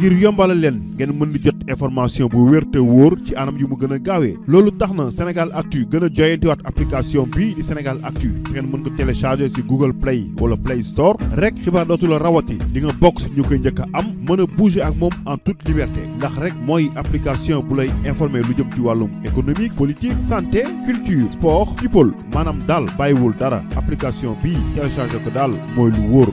ngir yombalal len ngeen mën di jot information bu wér te wóor ci anam yu mu gën a gaawee loolu tax na Sénégal Actu gën a joyantiwaat application bi di Sénégal Actu ngeen mën ko télécharger si Google Play wala Play Store rek xibaar dootu la rawati li nga bokk si ñu koy njëkk a am mën a bouger ak moom en toute liberté ndax rek mooy application bu lay informer lu jëm ci wàllum économique politique santé culture sport people maanaam Dal, bàyyiwul dara application bi télécharger ko daal mooy lu wóor.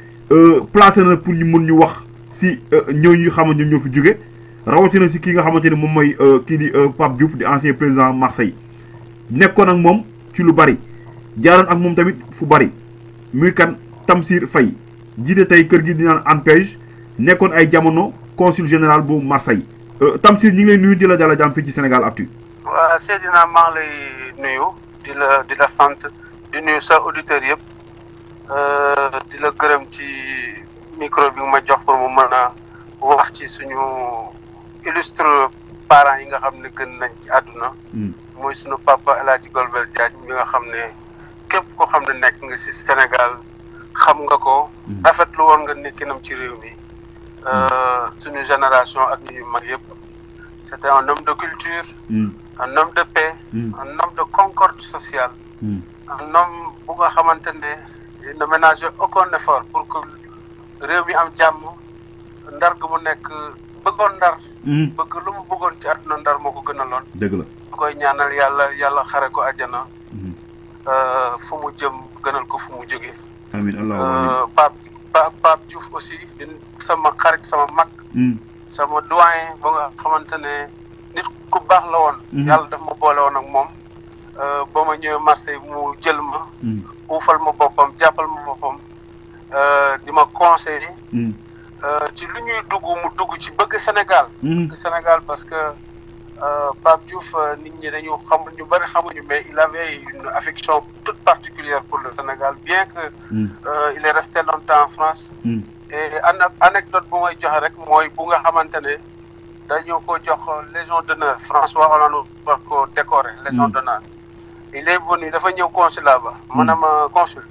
Euh, placé na pour ñu si euh, ñoo fi na ci ki nga xamanteni mom qui euh, dit Pape Diouf ancien président Marseille ak mom ci lu bari jaaroon ak mom tamit fu bari muy kan Tamsir fay tay kër gi di naan ay jamono consul général bu Marseille Tamsir ñu ngi lay nuyu la dala jam Sénégal Actu. C'est Seydina ma lay la di la sant di nuyu Euh, di la gërëm ci micro bi ma jox pour mu mën a wax ci suñu illustre parents yi nga xam ne gën nañ ci àdduna mooy hmm. suñu papa El Hadji Golbel Diagne nga xam ne képp koo xam ne nekk nga ci Sénégal xam nga ko hmm. rafetlu woon nga nekkinam ci réew mi hmm. euh, suñu génération ak ñu mag yëpp c'était un homme de culture un homme de paix un homme de concorde sociale un homme bu nga xamante ne il ne ménage aucun effort pour que réew mi am jàmm ndar gu mu nekk bëggoon ndar. Hmm. bëgg lu mu bëggoon ci àdduna ndar moo ko gënaloon. dëgg la koy ñaanal yàlla yàlla xare ko àjjana. Hmm. Euh, fu mu jëm gënal ko fu mu jógee. amiin allahumma euh, Pape Pape Pape Diouf aussi sama xarit sama mag. Hmm. sama doyen ba nga xamante ne nit ku baax la woon. yàlla daf ma boole woon ak moom. Euh, ba ma ñëwee Marseille, mu jël ma. Hmm. uufal ma boppam jàppal ma boppam euh, di ma conseillé. Hmm. Euh, ci lu ñuy dugg mu dugg ci bëgg Sénégal. Hmm. bëgg Sénégal parce que Pape Diouf nit ñi dañu xam ñu bëri xamuñu mais il avait une affection toute particulière pour le Sénégal bien que. il est resté longtemps en France. et anecdote bu may joxe rek mooy bu nga xamante ne dañoo ko jox Légion d'honneur François Hollande war ko décoré Légion d'honneur. il est venu dafa ñëw consulat ba. Hmm. mu ne ma consul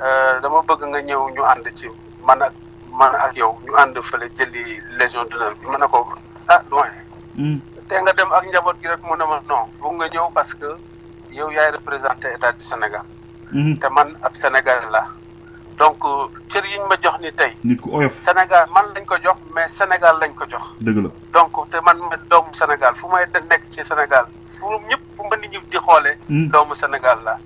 euh, dama bëgg nga ñëw ñu ànd ci man ak man ak yow ñu ànd fële jëli légion d'honneur bi man ne ko ah doyen. Hmm. te nga dem ak njaboot gi rek mu ne ma non foog nga ñëw parce que yow yaay représenté état du Sénégal. Hmm. te man ak Sénégal donc euh, cër yiñ ma jox ni tey. nit Sénégal man lañ ko jox mais Sénégal lañ ko jox. dëgg la donc te man ma doomu Sénégal fu may nekk ci Sénégal fu ñëpp fu ma nit ñi di xoolee. Hmm. doomu Sénégal la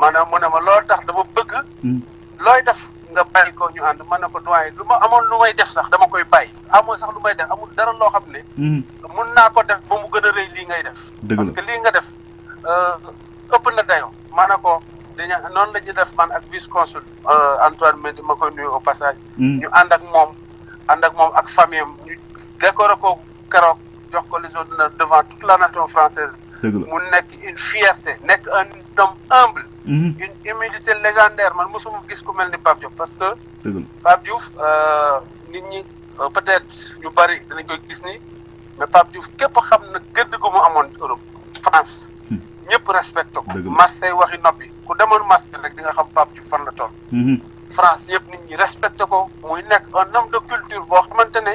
maanaam mu ne ma loolu tax dama bëgg. Hmm. looy def nga bàyyi ko ñu ànd mën na ko doyen lu ma amoon lu may def sax dama koy bàyyi. amul sax lu may def amul dara loo xam ne. Hmm. mun naa ko def ba mu gën a rëy lii ngay def. dëgg la parce que lii nga def euh, ëpp na dayoo maanaam ko. dañu noonu la ñu def man ak vice consul euh, Antoine Mendy ma koy nuyu au passage. Mm. ñu ànd ak moom ànd ak moom ak famille am ñu décorer ko keroog jox ko les honneurs devant toute la nation française mu nekk une fierté nekk un homme humble. Mm-hmm. une humilité légendaire man mosuma gis ku mel ni Pape Diouf parce que. Pape Diouf euh, nit ñi euh, peut-être ñu bari danañ koy gis ni mais Pape Diouf képp xam na gëdd gu mu amoon Europe France. Hmm. ñëpp respecté ko. Marseille waxi noppi. ku demoon Massi rek di nga xam Pape Diouf la toll. Mhm. France yëpp nit ñi respecté ko. muy nekk un homme de culture boo xamante ne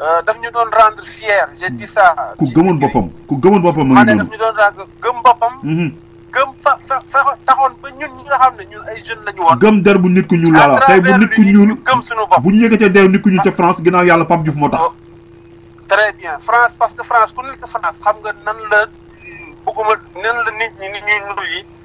euh, daf ñu doon rendre fier j'ai dit saa ku gëmoon boppam ku gëmoon boppam ma ne daf ñu doon rendre gëm boppam. Mhm. gëm fa fa taxoon ba ñun ñi nga xam ne ñu ay jeunes la ñu woon. gëm der bu nit ku ñuul la tey bu nit ku ñuul suñu bopp bu ñu yëkkatee der nit ku ñuul ca France ginnaaw yàlla Pape Diouf moo tax. Oh, France parce que France ku nekk France xam nga nan la bëgguma nan la nit ñi nit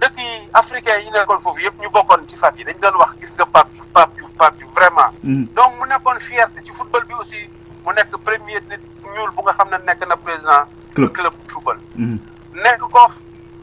dëkk yi africain yi nekkoon foofu yëpp ñu bokkoon ci fat yi dañ doon wax gis nga Pape Diouf Pape Diouf Pape vraiment. Mm. donc mu nekkoon fierté ci football bi aussi mu nekk premier nit ñuul bu nga xam ne nekk na président. club football. Mm. nekk ko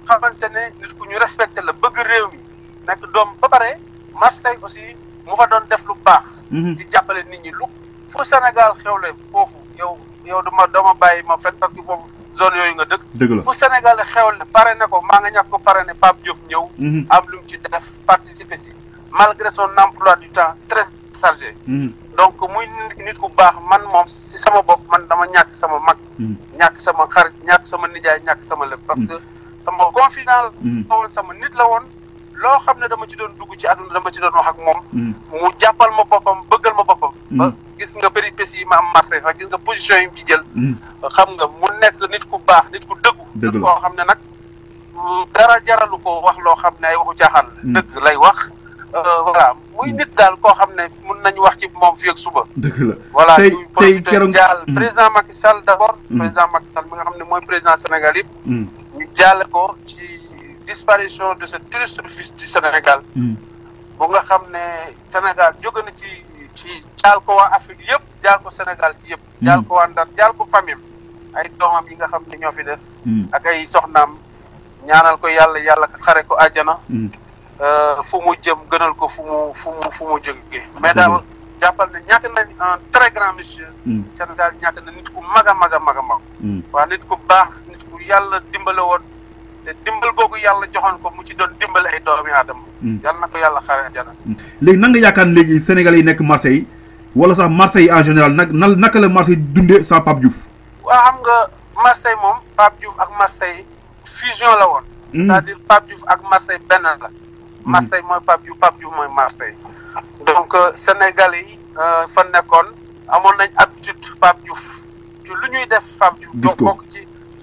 xamante ne nit ku ñu respecté la bëgg réew mi nekk doom ba pare Marseille aussi mu fa doon def lu baax. ci mm-hmm. jàppale nit ñi lu fu Sénégal xewle foofu yow yow duma dama bàyyi ma fen parce que foofu. zone yooyu nga dëkk. dëgg la fu Sénégal xewle ne pare ne ko maa nga ñàkk ko pare ne Pape Diouf ñëw. Mhm. am lu mu ci def participer si malgré son emploi du temps très chargé. Mhm. donc muy nit ku baax man moom si sama bopp man dama ñàkk sama mag. Mhm. ñàkk sama xarit ñàkk sama nijaay ñàkk sama lépp. parce que sama confident la woon sama nit la woon. loo xam ne dama ci doon dugg ci àdduna dama ci doon wax ak moom. mu jàppal ma boppam bëggal ma boppam. Mm. ba gis nga péripéties yi ma am Marseille sax gis nga position yi mu mm. xam nga mu nekk nit ku baax nit ku dëggu. dëgg la xam ne nag mm, dara jaralu ko wax loo xam ne ay waxu caaxaan. dëgg lay wax. Euh, voilà muy nit daal koo xam ne mun nañu wax ci moom fii ak suba. dëgg la voilà ñuy profité jaal président Macky Sall d' abord. nga xam ne mooy président Sénégal yëpp. ñu jaale ko ci disparition de ce touriste ci Sénégal. bu nga xam ne Sénégal jóge na ci. ci jaal ko wa Afrique yëpp jaal ko Sénégal ci yëpp hmm. jaal ko wa Ndar jaal ko famille ay doomam yi nga xam ne ñoo des hmm. ak ay soxnaam ñaanal ko yàlla yàlla xare ko àjjana hmm. euh, fu mu jëm gënal ko fu mu fu mu fu mu jóge mais daal jàppal ne ñàkk nañ un très grand monsieur Sénégal ñàkk nit ku mag a mag a mag a nit ku baax nit ku yàlla dimbale te dimbal googu yàlla joxoon ko mu ci doon dimbal ay doomi aadama mm. yàlla na ko yàlla xare jana mm. léegi nan nga yaakaar léegi sénégalais yi nekk Marseille wala sax Marseille en général nag nan naka la Marseille dundee sans Pape Diouf waa xam nga Marseille moom Pape Diouf ak Marseille fusion la woon mm. c'est-à-dire Pape Diouf ak Marseille benn la Marseille mooy Pape Diouf Pape Diouf mooy Marseille donc euh, sénégalais yi euh, fa nekkoon amoon nañ habitude Pape Diouf ci lu ñuy def Pape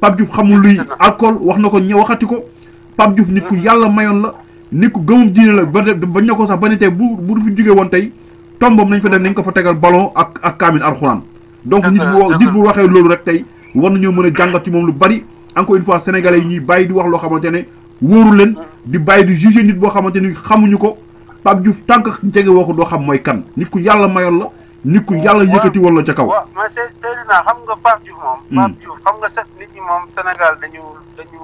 Pape Diouf xamul luy alcool wax na ko ñë waxati ko Pape Diouf nit ku yàlla mayoon la nit ku gëmum diine la ba ba ñoo ko sax ba ni tey bu bu du fi jógee woon tey tombam nañ fa def nañ ko fa tegal ballon ak ak kaamin alxuraan donc nit bu nit waxee loolu rek tey war nañoo mën a jàngat ci moom lu bari encore une fois sénégalais yi ñuy bàyyi di wax loo xamante ne wóoru leen di bàyyi di juger nit boo xamante ni xamuñu ko Pape Diouf tant jege woo ko doo xam mooy kan nit ku yàlla mayoon la nit ku yàlla yëkkati woon ca kaw. waaw mais Seydina xam nga Pape Diouf moom. Hmm. Pape Diouf xam nga set nit ñi moom Sénégal dañu dañu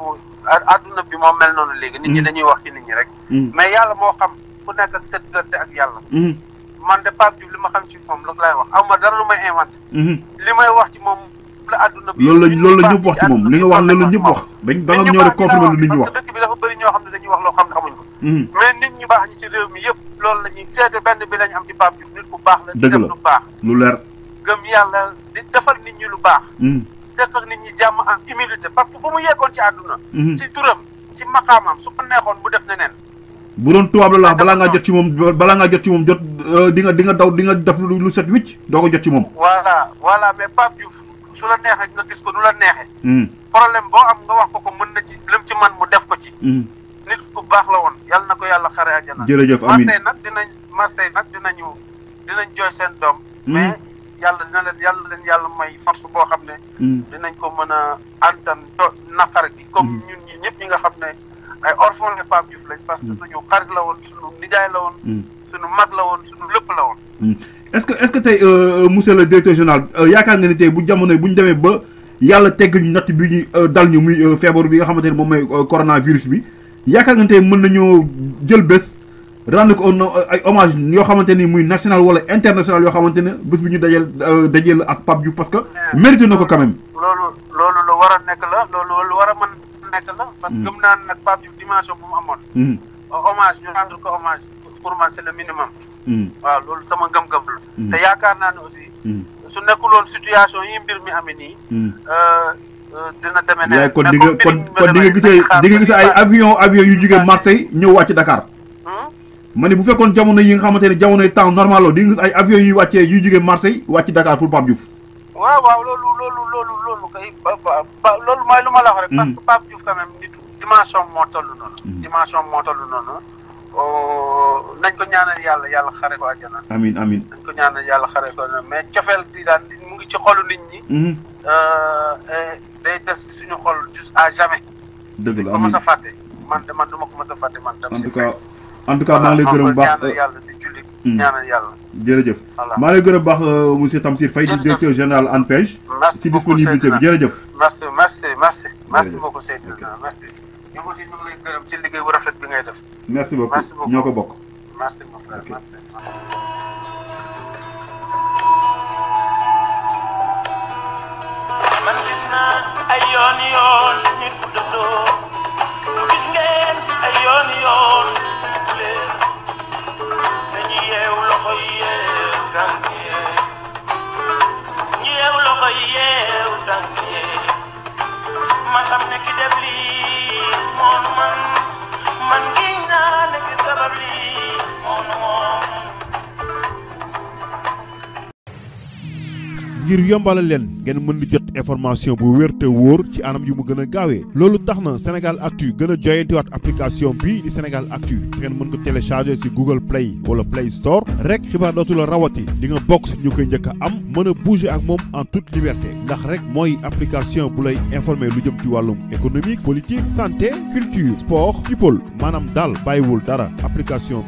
àdduna bi moom mel noonu léegi. nit ñi hmm. dañuy wax ci nit ñi rek. Hmm. mais yàlla moo xam ku nekk ak sa diggante ak yàlla. man de Pape Diouf li ma xam ci moom loolu laay wax am ma dara lu may inventé. li may wax ci moom la àdduna bi. loolu la loolu la wax ci li nga wax loolu ñëpp wax. dañ da nga ñëw rek lu nit wax xam ne Mm. mais nit ñu baax ñi ci réew mi yëpp loolu la ñuy seede benn bi lañ am ci Pape Diouf nit ku baax la. dëgg la lu baax lu leer. gëm yàlla di defal nit ñi lu baax. Mm. seq ak nit ñi jàmm ak humilité parce que fu mu yeggoon ci àdduna. Mm-hmm. ci turam ci maqaamam su ko neexoon mu def neen bu doon tubaab la la balaa ngaa jot ci moom balaa nga jot ci moom jot di nga di nga daw di nga def lu set wicc doo ko jot ci moom. voilà voilà mais Pape Diouf su la neexee nga gis ko nu la neexee. Mm. problème boo am nga wax ko ko mën na ci lim ci man mu def ko ci. nit ku baax la woon yàlla na ko yàlla xare àjjana. jërëjëf amiin Marseille nag dinañ Marseille nag dinañu dinañ jooy seen doom. Hmm. mais yàlla dina leen yàlla leen yàlla may force boo xam ne. Hmm. dinañ ko mën a antan naqar gi. comme hmm. ñun ñi ñëpp ñi nga xam ne ay orphelin la Pape Diouf lañ. parce que suñu xarit la woon suñu nijaay la woon. suñu mag la woon suñu lépp la woon. est-ce que est-ce que tey euh, monsieur directeur général euh, yaakaar nga ni tey bu jamono bu ñu demee ba yàlla tegg ñu natt bi ñu euh, dal ñu muy feebar bi nga xamante ne moom mooy coronavirus bi. yaakaar nga tey mën nañoo jël bés rendre ko ay hommage yoo xamante ni muy national wala international yoo xamante ne bés bi ñu dajeel euh, dajeel ak Pape Diouf parce que mérité na ko quand même. loolu loolu lu war a nekk la loolu lu war a mën nekk la. parce que mm. gëm naa ne nag Pape Diouf dimension bu mu amoon. Mm. Euh, hommage ñu rendre ko hommage pour moi c'est minimum. Mm. waaw loolu sama ngëm-ngëm la. te yaakaar naa ne aussi. su nekkuloon situation yi mbir mi amee nii. Euh, dina demee ne kon di nga kon kon di nga gisee di nga gisee ay avion avion yu jógee Marseille ñëw wàcc Dakar. Hmm? ma ne bu fekkoon jamono yi nga xamante ne jamonoy temps normal la di nga gis ay avion yuy wàccee yuy jógee Marseille wàcc Dakar pour Pape Diouf. waaw waaw loolu loolu loolu loolu loolu mooy lu ma la wax rek. parce que hmm. Pape Diouf quand même nit dimension moo toll noonu. Hmm. dimension moo toll oh, xare ko àjjana. amiin nañ ko ñaanal yàlla xare ko mais cofeel day des suñu xol juste à jamais. dëgg la amiin mos a fàtte man de man du ma ko mos a fàtte man. en tout cas en tout cas maa ngi lay gërëm bu baax ñaanal euh, yàlla di julli. Hmm. ñaanal yàlla. jërëjëf maa ngi lay gërëm bu baax euh, monsieur Tamsir Faye di directeur général ANPEJ. ci disponibilité bi jërëjëf. merci merci merci merci beaucoup Seydou merci. ñu aussi ñu ngi lay gërëm ci liggéey bu rafet bi ngay def. merci beaucoup ñoo ko bokk. merci beaucoup merci. yoon yoon nit ku dëddoo lu gis ngeen ay yoon yoon bu leen dañuy yeew loxo yeew tànk ngir yombalal leen ngeen mën di jot information bu wér te wóor ci anam yu mu gën a gaawee loolu tax na Sénégal Actu gën a joyantiwaat application bii di Sénégal Actu te ngeen mën ko télécharger si Google Play wala Play Store rek xibaar dootu rawati di bokk si ñu koy njëkk a am mën a ak moom en toute liberté ndax rek mooy application bu lay informer lu jëm ci wàllum économique politique santé culture sport people maanaam daal bàyyiwul dara application